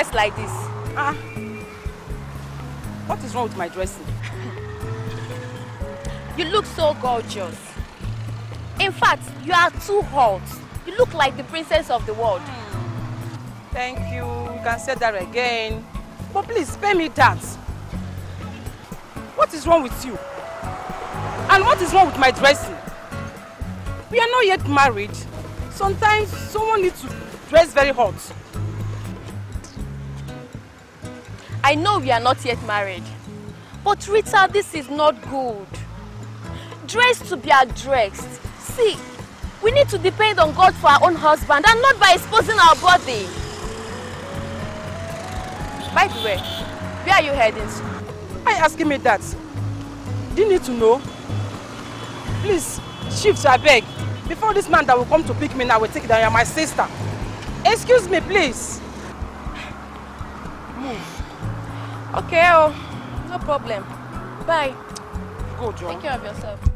Dress like this? Ah. What is wrong with my dressing? you look so gorgeous. In fact, you are too hot. You look like the princess of the world. Hmm. Thank you. You can say that again. But please, pay me that. What is wrong with you? And what is wrong with my dressing? We are not yet married. Sometimes someone needs to dress very hot. I know we are not yet married. But Rita, this is not good. Dressed to be addressed. See, we need to depend on God for our own husband and not by exposing our body. By the way, where are you heading to? Why are you asking me that? Do you need to know? Please, shift, I beg. Before this man that will come to pick me now will take that you are my sister. Excuse me, please. Okay, oh, no problem. Bye. Good job. Take care of yourself.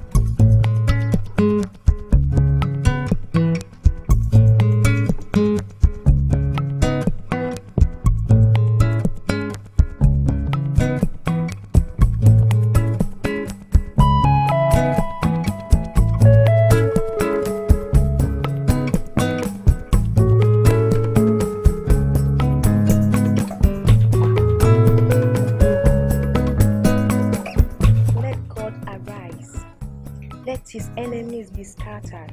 lest his enemies be scattered.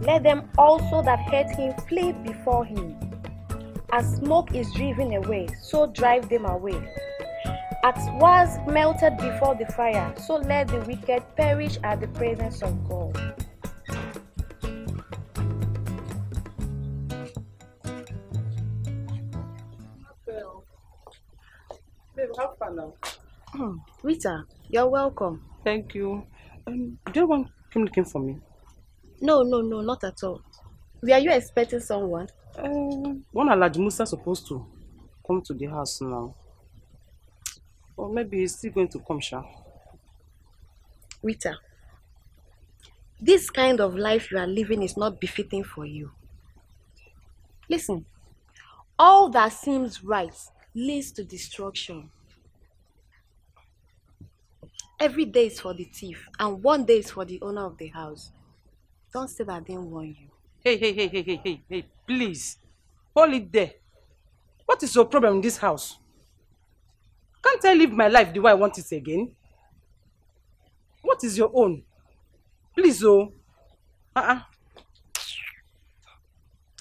Let them also that hate him flee before him. As smoke is driven away, so drive them away. As was melted before the fire, so let the wicked perish at the presence of God. Babe, have fun now. Hmm. Rita, you're welcome. Thank you. Um, do you want him looking for me? No, no, no, not at all. Were you expecting someone? Um, one Alhaji Musa supposed to come to the house now. Or maybe he's still going to come, Sha. Rita, this kind of life you are living is not befitting for you. Listen, all that seems right leads to destruction. Every day is for the thief, and one day is for the owner of the house. Don't say that I didn't warn you. Hey, hey, hey, hey, hey, hey, hey, please. Hold it there. What is your problem in this house? Can't I live my life the way I want it again? What is your own? Please, oh. Uh-uh.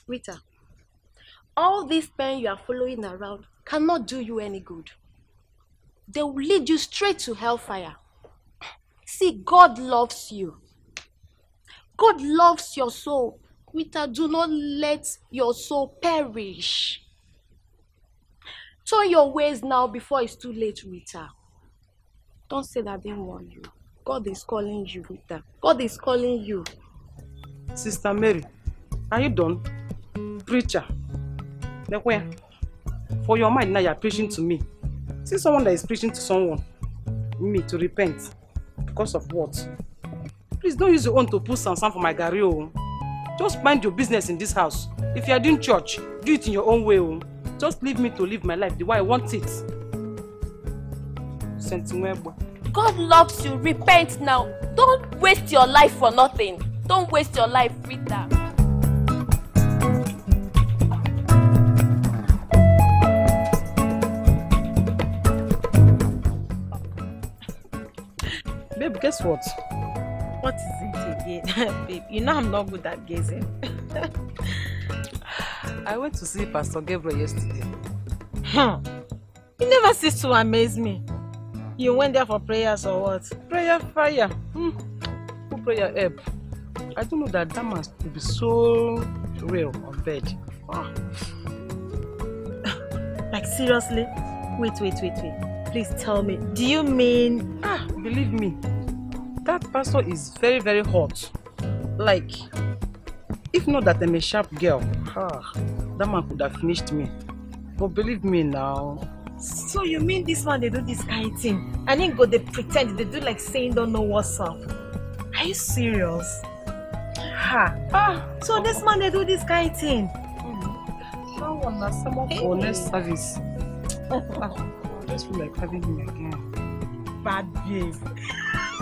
Rita, all these men you are following around cannot do you any good. They will lead you straight to hellfire. See, God loves you. God loves your soul. Rita, do not let your soul perish. Turn your ways now before it's too late, Rita. Don't say that I didn't warn you. God is calling you, Rita. God is calling you. Sister Mary, are you done? Preacher, then where? For your mind now, you're preaching to me. See someone that is preaching to someone, me, to repent. Because of what? Please don't use your own to pull Sansan for my gari, Oh. Just mind your business in this house. If you are doing church, do it in your own way. Oh. Just leave me to live my life the way I want it. God loves you. Repent now. Don't waste your life for nothing. Don't waste your life, Rita. Guess what? What is it again? Babe, you know I'm not good at guessing. I went to see Pastor Gabriel yesterday. Huh. He never ceased to amaze me. You went there for prayers or what? Prayer fire. Hmm. Who prayer help? I don't know that that man could be so real on bed. Oh. like seriously? Wait, wait, wait, wait. Please tell me. Do you mean? Ah, believe me. that pastor is very, very hot. Like, if not that I'm a sharp girl, ah, that man could have finished me. But believe me now. So you mean this man, they do this kind of thing? And then go, they pretend, they do like saying don't know what's up. Are you serious? Ha! Ah, so this man, they do this kind of thing? Someone hmm. has someone for next service. Ah, I just feel like having him again. Bad behavior.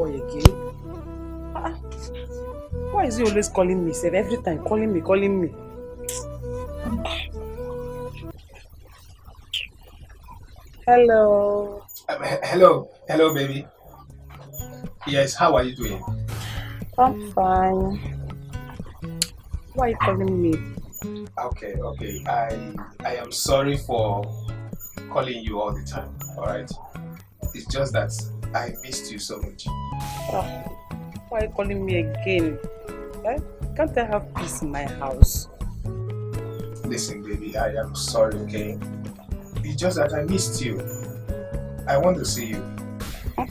boy again. why is he always calling me, Save Every time, calling me, calling me. Hello. Um, hello, hello, baby. Yes, how are you doing? I'm fine. Why are you calling me? Okay, okay. I I am sorry for calling you all the time. All right. It's just that I missed you so much. Oh, why are you calling me again? Eh? Can't I have peace in my house? Listen, baby, I am sorry, okay? It's just that I missed you. I want to see you. I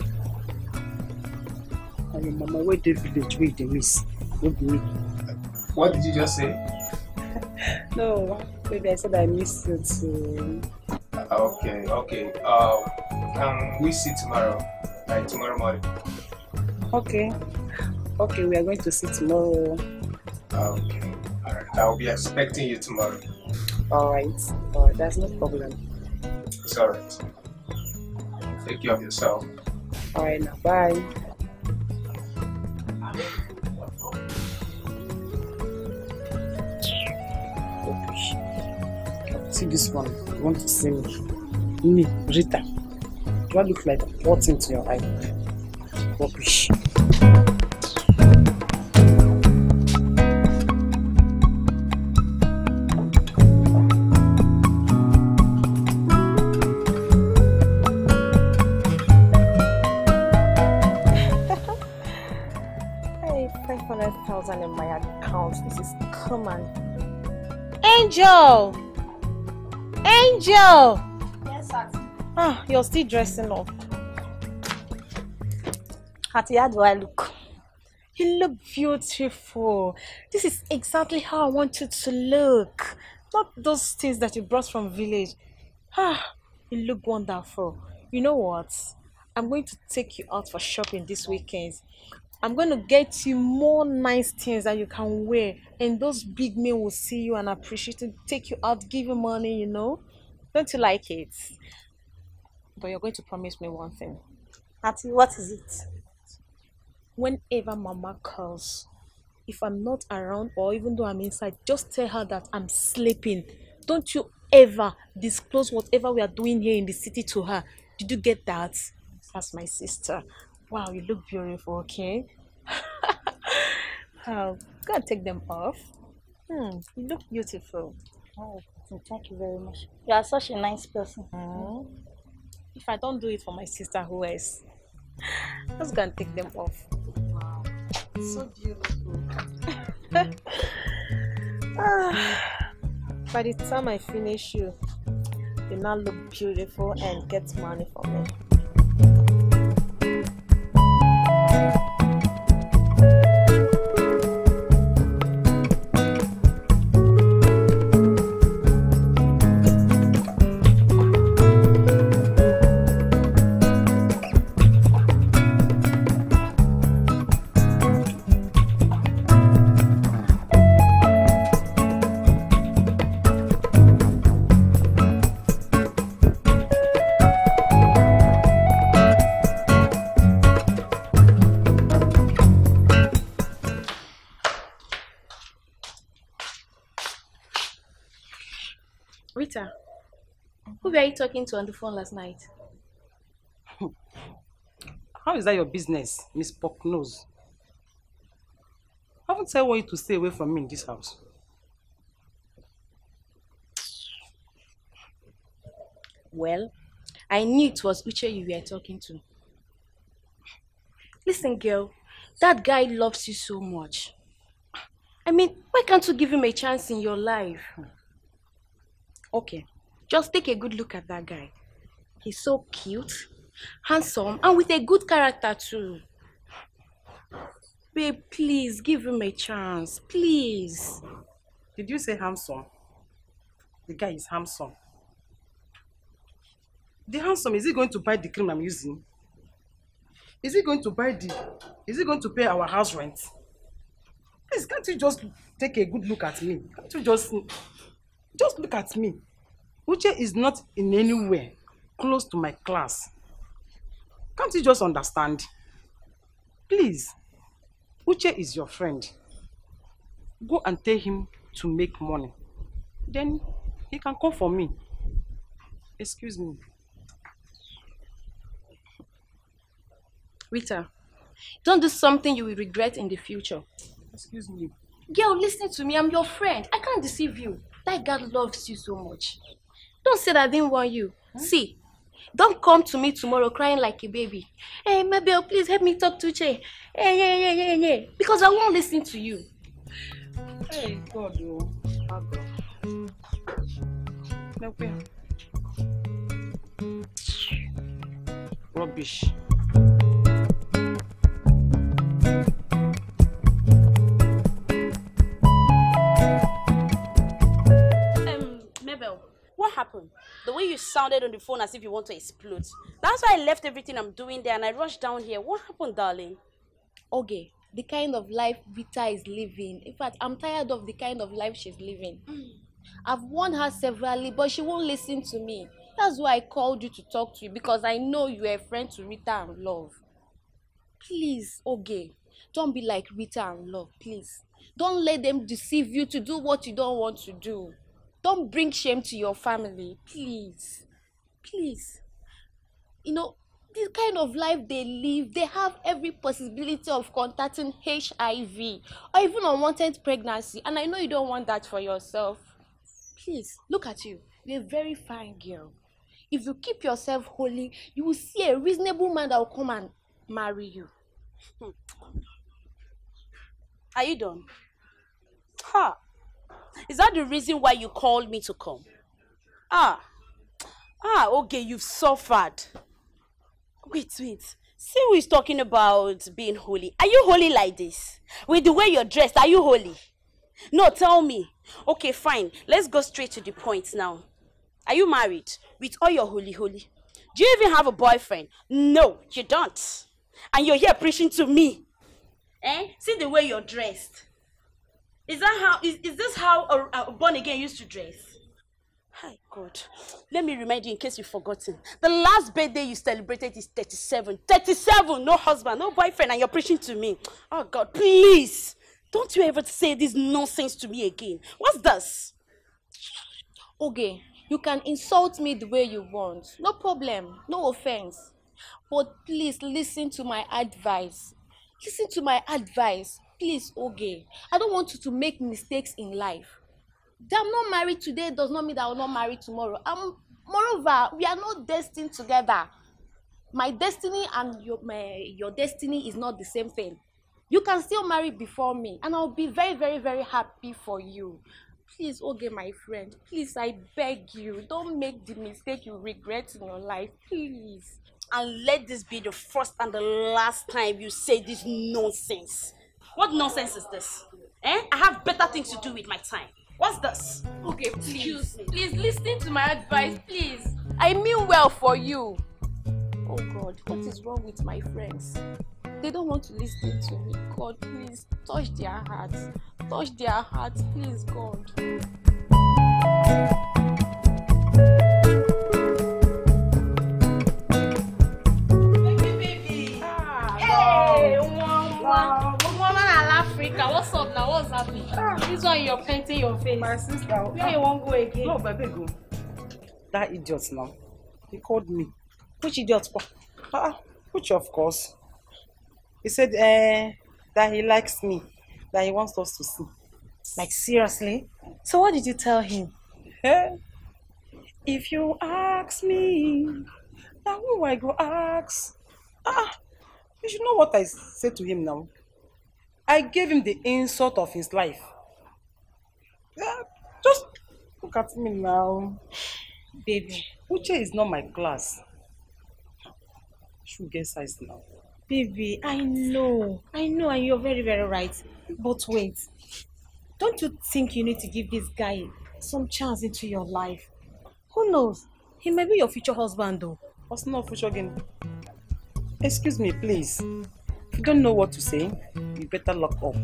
am to the village. Wait, they miss. me. What did you just say? no, maybe I said I missed you too. Ah, okay, okay. Um, can we see tomorrow? by tomorrow morning. Okay. Okay, we are going to see tomorrow. Ah, okay. All right. I'll be expecting you tomorrow. All right. All right. That's no problem. It's all right. Take care of yourself. All right. Now, bye. See this one. You want to see me? Me, Rita. Do I look like what's into your eye? Rubbish. thousand in my account. This is common. Angel! Angel! You're still dressing up. Hattie, how do I look? You look beautiful. This is exactly how I want you to look. Not those things that you brought from village. Ah, you look wonderful. You know what? I'm going to take you out for shopping this weekend. I'm going to get you more nice things that you can wear. And those big men will see you and appreciate it. Take you out, give you money, you know. Don't you like it? But you're going to promise me one thing. Auntie, what is it? Whenever Mama calls, if I'm not around or even though I'm inside, just tell her that I'm sleeping. Don't you ever disclose whatever we are doing here in the city to her. Did you get that? That's my sister. Wow, you look beautiful, okay? oh, go and take them off. Hmm, you look beautiful. Oh, thank you very much. You are such a nice person. Mm -hmm if I don't do it for my sister, who else? Just gonna take them off. Wow, so beautiful. ah, by the time I finish you, you now look beautiful and get money for me. were you talking to on the phone last night? How is that your business, Miss Pocknose? Haven't I want you to stay away from me in this house? Well, I knew it was Uche you were talking to. Listen, girl, that guy loves you so much. I mean, why can't you give him a chance in your life? Okay, just take a good look at that guy. He's so cute, handsome, and with a good character too. Babe, please give him a chance. Please. Did you say handsome? The guy is handsome. The handsome, is he going to buy the cream I'm using? Is he going to buy the... Is he going to pay our house rent? Please, can't you just take a good look at me? Can't you just... Just look at me. Uche is not in anywhere close to my class. Can't you just understand? Please, Uche is your friend. Go and tell him to make money. Then he can come for me. Excuse me. Rita, don't do something you will regret in the future. Excuse me. Girl, listen to me. I'm your friend. I can't deceive you. That girl loves you so much. Don't say that I didn't warn you. Huh? Hmm? See, don't come to me tomorrow crying like a baby. Hey, Mabel, please help me talk to Che. Hey, yeah, yeah, yeah, yeah. Because I won't listen to you. Hey, God, oh. Oh, God. Rubbish. on the phone as if you want to explode. That's why I left everything I'm doing there and I rushed down here. What happened, darling? Okay, the kind of life Vita is living. In fact, I'm tired of the kind of life she's living. Mm. I've warned her severally, but she won't listen to me. That's why I called you to talk to you because I know you're a friend to Rita and Love. Please, okay? don't be like Rita and Love, please. Don't let them deceive you to do what you don't want to do. Don't bring shame to your family, please please you know this kind of life they live they have every possibility of contacting hiv or even unwanted pregnancy and i know you don't want that for yourself please look at you you're a very fine girl if you keep yourself holy you will see a reasonable man that will come and marry you hmm. are you done ha huh. is that the reason why you called me to come ah Ah, okay, you've suffered. Wait, wait. See who is talking about being holy. Are you holy like this? With the way you're dressed, are you holy? No, tell me. Okay, fine. Let's go straight to the point now. Are you married? With all your holy holy. Do you even have a boyfriend? No, you don't. And you're here preaching to me. Eh? See the way you're dressed. Is that how is, is this how a, a born again used to dress? Hi, God. Let me remind you in case you've forgotten. The last birthday you celebrated is 37. 37! No husband, no boyfriend, and you're preaching to me. Oh, God, please. Don't you ever say this nonsense to me again. What's this? Okay, you can insult me the way you want. No problem, no offense. But please listen to my advice. Listen to my advice. Please, Oge. Okay. I don't want you to make mistakes in life that I'm not married today does not mean that I will not marry tomorrow. Um, moreover, we are not destined together. My destiny and your, my, your destiny is not the same thing. You can still marry before me, and I'll be very, very, very happy for you. Please, Oge, my friend, please, I beg you, don't make the mistake you regret in your life. Please. And let this be the first and the last time you say this nonsense. What nonsense is this? Eh? I have better things to do with my time. What's this? Okay, please. Please listen to my advice, mm. please. I mean well for you. Oh God, what is wrong with my friends? They don't want to listen to me. God, please touch their hearts. Touch their hearts, please, God. Africa. up now? What's happening? Ah. This one you're painting your face. My sister. Oh. Where ah. you won't go again? No, baby, go. That idiot now. He called me. Which idiot? Oh, ah, ah, which of course. He said uh, that he likes me, that he wants us to see. Like seriously? So what did you tell him? Eh? if you ask me, now who I go ask? Ah, ah. you should know what I said to him now. I gave him the insult of his life. Yeah, just look at me now. Baby, Uche is not my class. Should get size now. Baby, I know. I know, and you're very, very right. But wait, don't you think you need to give this guy some chance into your life? Who knows? He may be your future husband, though. What's not future again? Excuse me, please you don't know what to say, you better lock up.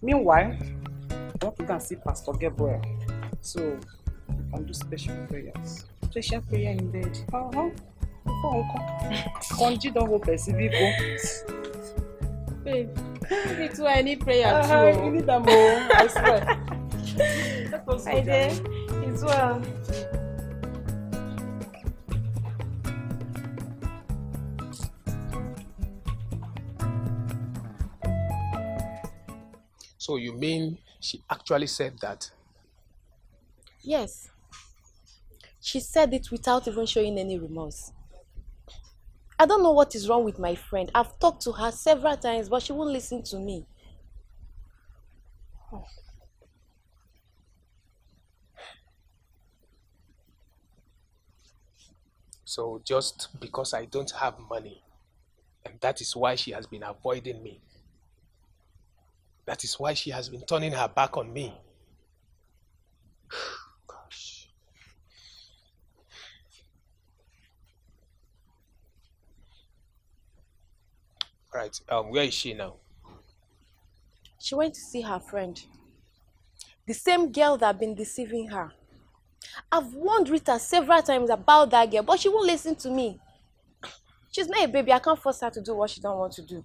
Meanwhile, I want to go and see Pastor Gabriel. So i can do special prayers. Special prayer in bed. Uh-huh. Conjure the whole person, people. Babe, me too, I need prayer uh ah, -huh, too. You need them all, oh, I swear. I did. It's well. So you mean she actually said that? Yes. She said it without even showing any remorse. I don't know what is wrong with my friend. I've talked to her several times, but she won't listen to me. So just because I don't have money, and that is why she has been avoiding me, that is why she has been turning her back on me. Gosh. Right, um, where is she now? She went to see her friend. The same girl that had been deceiving her. I've warned Rita several times about that girl, but she won't listen to me. She's not a baby. I can't force her to do what she don't want to do.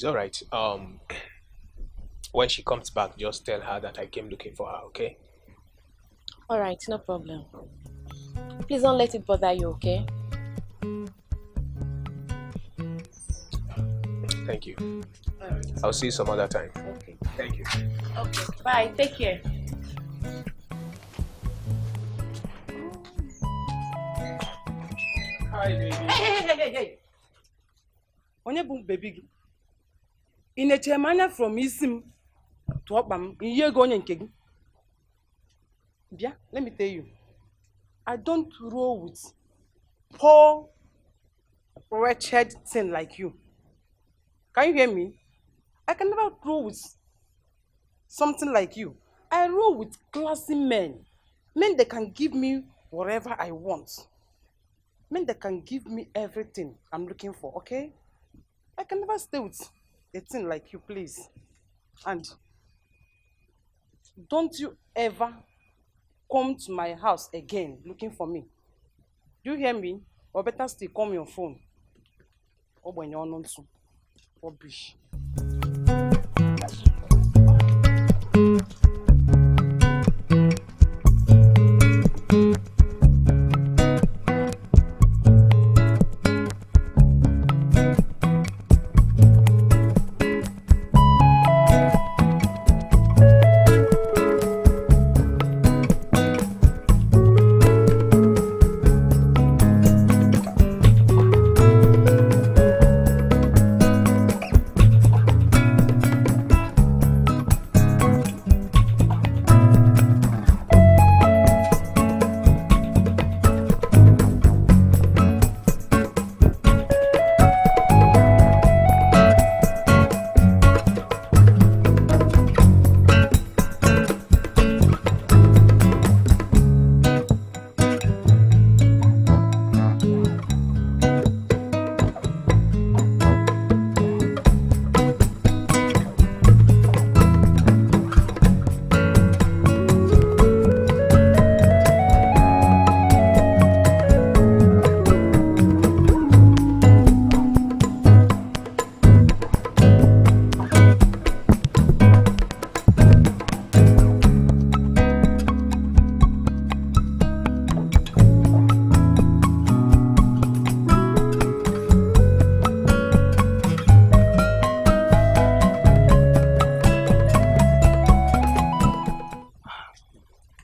It's all right. Um, when she comes back, just tell her that I came looking for her, okay? All right, no problem. Please don't let it bother you, okay? Thank you. I'll see you some other time. Okay. Thank you. Okay. Bye. Take care. Hi, baby. Hey, hey, hey, hey, hey. Onye bụ baby in a chairman from Isim, to tụọ in m ihe gị onye nke let me tell you i don't roll with poor wretched thing like you can you hear me i can never roll with something like you i roll with classy men men that can give me whatever i want men that can give me everything i'm looking for okay i can never stay with a thing like you, please. And don't you ever come to my house again looking for me. Do you hear me? Or better still, call me on phone. Ogbenye ọnụ ntụ. Rubbish.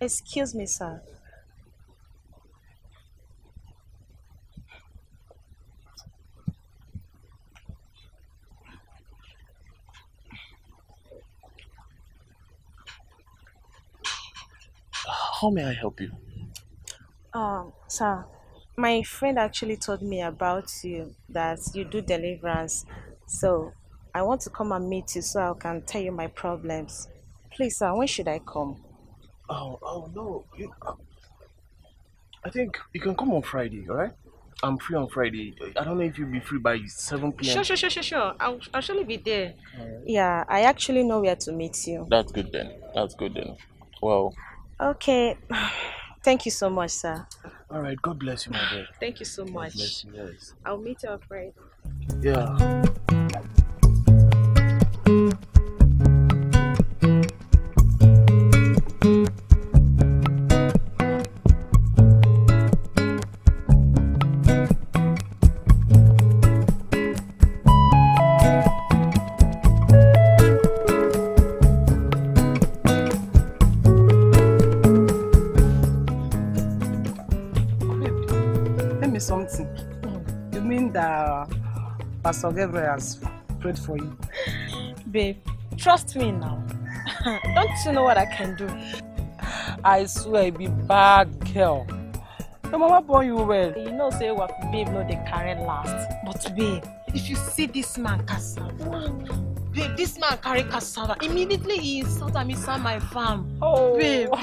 Excuse me, sir. How may I help you? Um, sir, my friend actually told me about you that you do deliverance. So I want to come and meet you so I can tell you my problems. Please, sir, when should I come? Oh, oh no. You, uh, I think you can come on Friday, all right? I'm free on Friday. I don't know if you'll be free by 7 p.m. Sure, sure, sure, sure, sure. I'll, I'll surely be there. Right. Yeah, I actually know where to meet you. That's good then. That's good then. Well. Okay. Thank you so much, sir. All right. God bless you, my dear. Thank you so God much. You, yes. I'll meet you on Friday. Yeah. Pastor Gabriel has prayed for you. Babe, trust me now. Don't you know what I can do? I swear, I be bad girl. Your mama born you well. You know, say what babe no dey carry last. But babe, if you see this man cassava, babe, this man carry cassava. Immediately he insult am inside my farm. Oh, babe.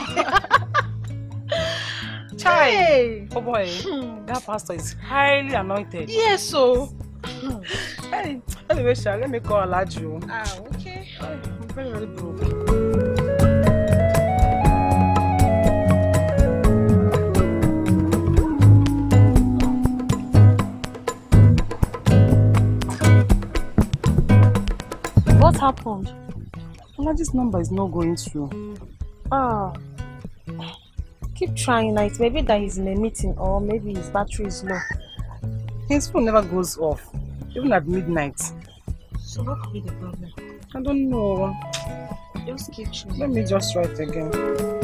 Chai. Hey. Oh boy, that pastor is highly anointed. Yes, yeah, oh. so. hey, anyway, Sha, let me call Alaju. Ah, okay. I'm very, very broke. What happened? Olaji's number is not going through. Ah. Keep trying, like maybe that he's in a meeting or maybe his battery is low. His phone never goes off, even at midnight. So what could be the problem? I don't know. Just keep Let me just try it again.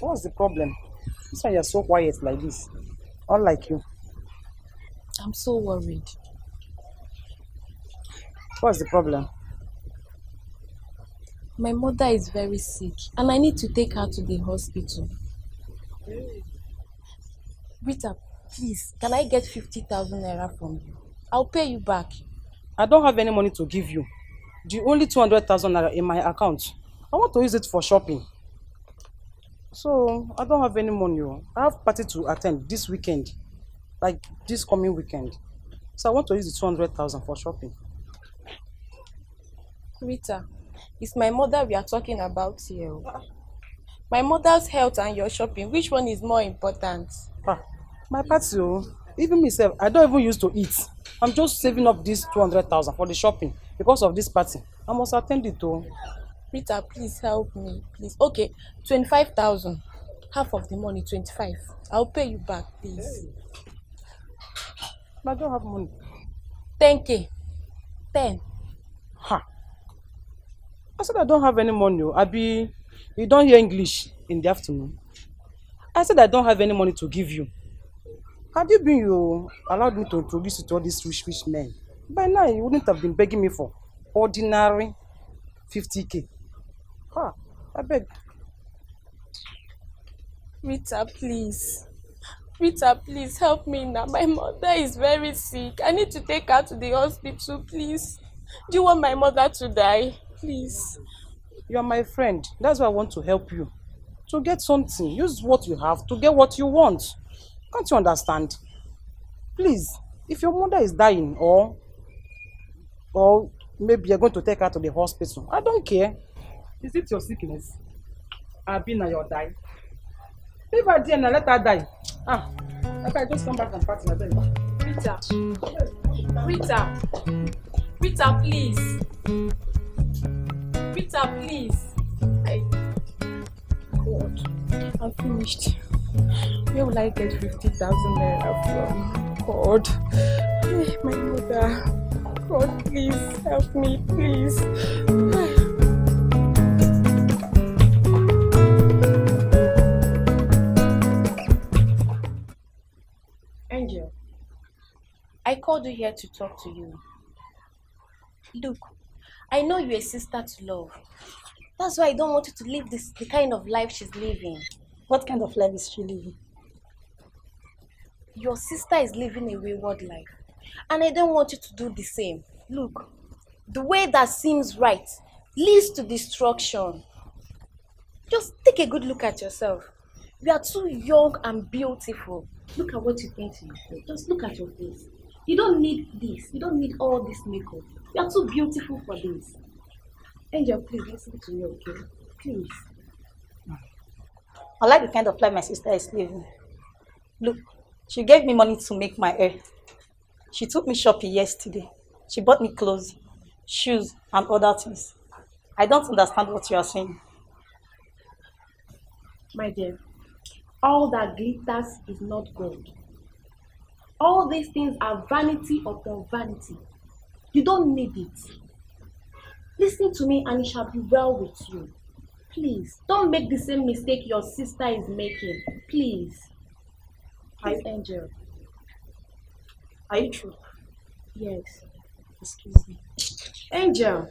What's the problem? This why you're so quiet like this. Unlike you. I'm so worried. What's the problem? My mother is very sick and I need to take her to the hospital. Rita, please, can I get 50,000 naira from you? I'll pay you back. I don't have any money to give you. The only 200,000 naira in my account. I want to use it for shopping. So I don't have any money. Oh. I have party to attend this weekend, like this coming weekend. So I want to use the 200,000 for shopping. Rita, it's my mother we are talking about here. Oh. My mother's health and your shopping, which one is more important? Ah, my party, oh. even myself, I don't even use to eat. I'm just saving up this 200,000 for the shopping because of this party. I must attend it though rita please help me please okay twenty-five thousand half of the money twenty-five i'll pay you back please. Hey. but i don't have money. ten k ten. ha i said i don't have any money oh. I be, you don't hear english in the afternoon i said i don't have any money to give you had you been you allowed me to introduce you to all these rich rich men by now you wouldn't have been begging me for ordinary fifty k Ah, I beg. Rita, please. Rita, please help me now. My mother is very sick. I need to take her to the hospital, please. Do you want my mother to die? Please. You are my friend. That's why I want to help you. To get something, use what you have to get what you want. Can't you understand? Please, if your mother is dying or or maybe you're going to take her to the hospital, I don't care. Is it your sickness? I'll Abina, your die. Leave her there and let her die. Ah, okay, just come back and party my bed. Rita, Rita, Rita, please. Rita, please. I... God, I'm finished. Where will I get 50,000 naira from? God, eh, my mother. God, please help me, please. called you here to talk to you. Look, I know you're a sister to love. That's why I don't want you to live this the kind of life she's living. What kind of life is she living? Your sister is living a wayward life. And I don't want you to do the same. Look, the way that seems right leads to destruction. Just take a good look at yourself. You are too young and beautiful. Look at what you think to yourself. Just look at your face. You don't need this. You don't need all this makeup. You are too beautiful for this. Angel, please listen to me, okay? Please. I like the kind of life my sister is living. Look, she gave me money to make my hair. She took me shopping yesterday. She bought me clothes, shoes, and other things. I don't understand what you are saying. My dear, all that glitters is not gold. All these things are vanity upon vanity. You don't need it. Listen to me and it shall be well with you. Please, don't make the same mistake your sister is making. Please. Hi, Angel. Are you true? Yes. Excuse me. Angel.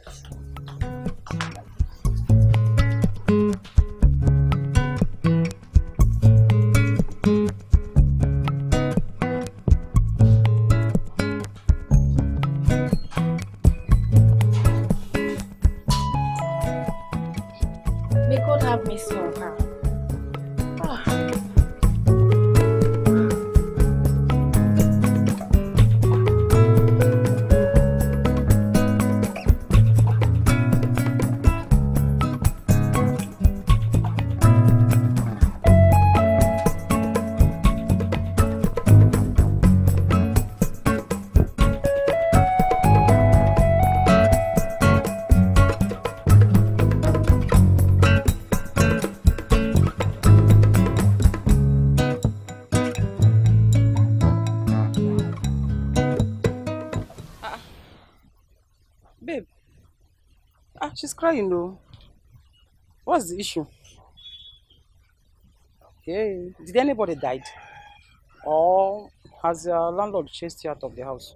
crying though. What's the issue? Okay. Did anybody died? Or has your landlord chased you out of the house?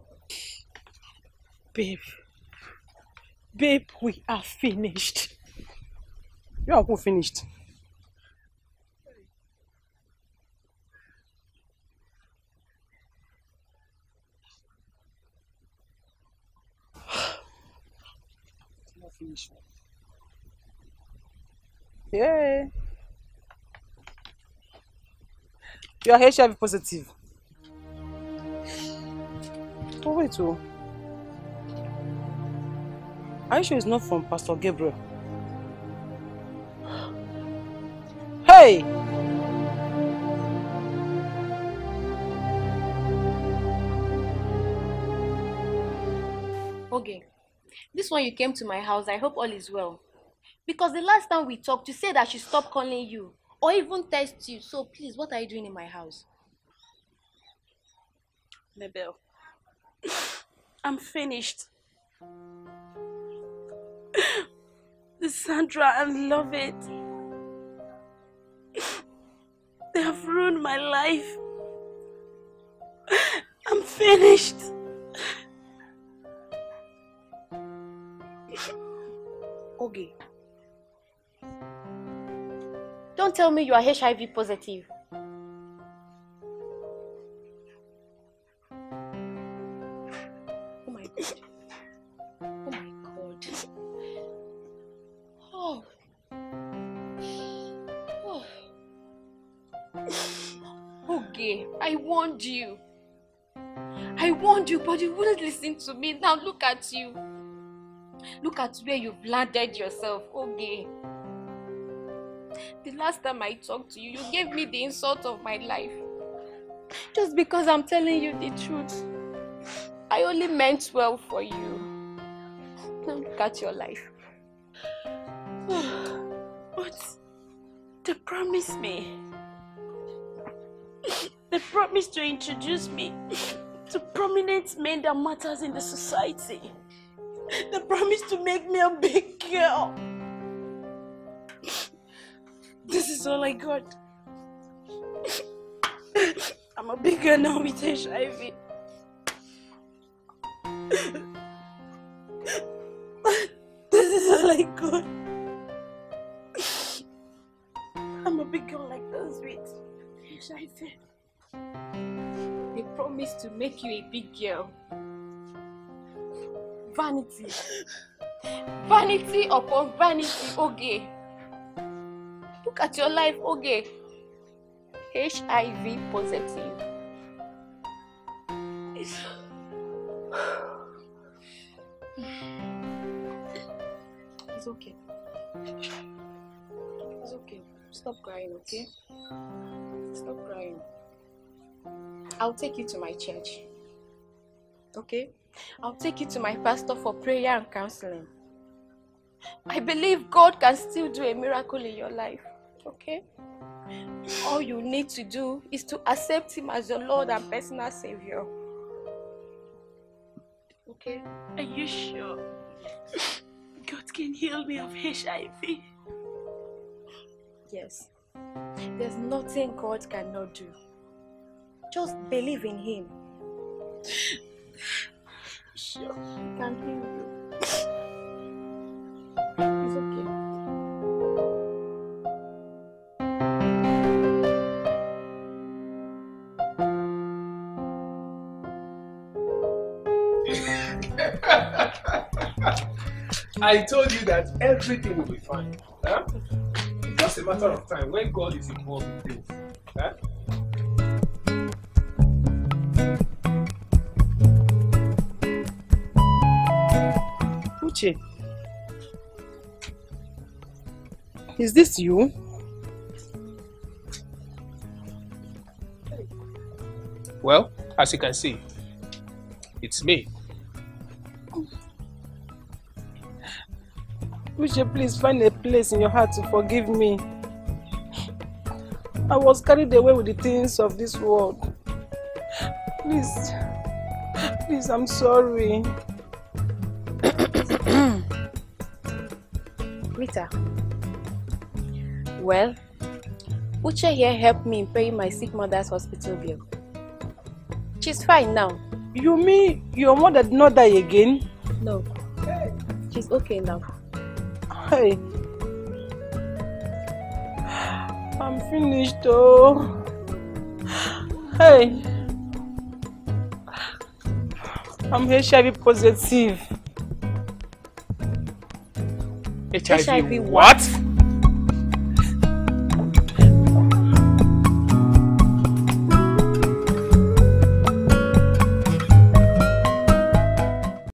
Babe. Babe, we are finished. Your uncle finished. finished. Yay! You are HIV positive. Oh, wait, oh. Are you it's not from Pastor Gabriel? Hey! Okay. This one you came to my house. I hope all is well. Because the last time we talked, you said that she stopped calling you or even text you. So please, what are you doing in my house? Mabel, I'm finished. Sandra and love it. They have ruined my life. I'm finished. Okay, don't tell me you are HIV positive. Oh my god. Oh Oh. oh. Okay, I warned you. I warned you, but you wouldn't listen to me. Now look at you. Look at where you've landed yourself, Okay last time I talked to you, you gave me the insult of my life. Just because I'm telling you the truth. I only meant well for you. do look at your life. but they promised me. They promised to introduce me to prominent men that matters in the society. They promised to make me a big girl. is all I got. I'm a big girl now with HIV. this is all I got. I'm a big girl like this with HIV. They promised to make you a big girl. Vanity. Vanity upon vanity, okay. Look at your life, okay? HIV positive. It's okay. It's okay. Stop crying, okay? Stop crying. I'll take you to my church. Okay? I'll take you to my pastor for prayer and counseling. I believe God can still do a miracle in your life okay? All you need to do is to accept Him as your Lord and personal Savior. Okay? Are you sure? God can heal me of HIV. Yes. There's nothing God cannot do. Just believe in Him. Sure. Can heal you. I told you that everything will be fine. Huh? It's just a matter of time when God is involved in things. Huh? Uche, is this you? Well, as you can see, it's me. Uche, please find a place in your heart to forgive me. I was carried away with the things of this world. Please, please, I'm sorry. Rita, well, Uche here helped me in paying my sick mother's hospital bill. She's fine now. You mean your mother did not die again? No, she's okay now. Hey. I'm finished though. Hey. I'm HIV positive. HIV, HIV what? what?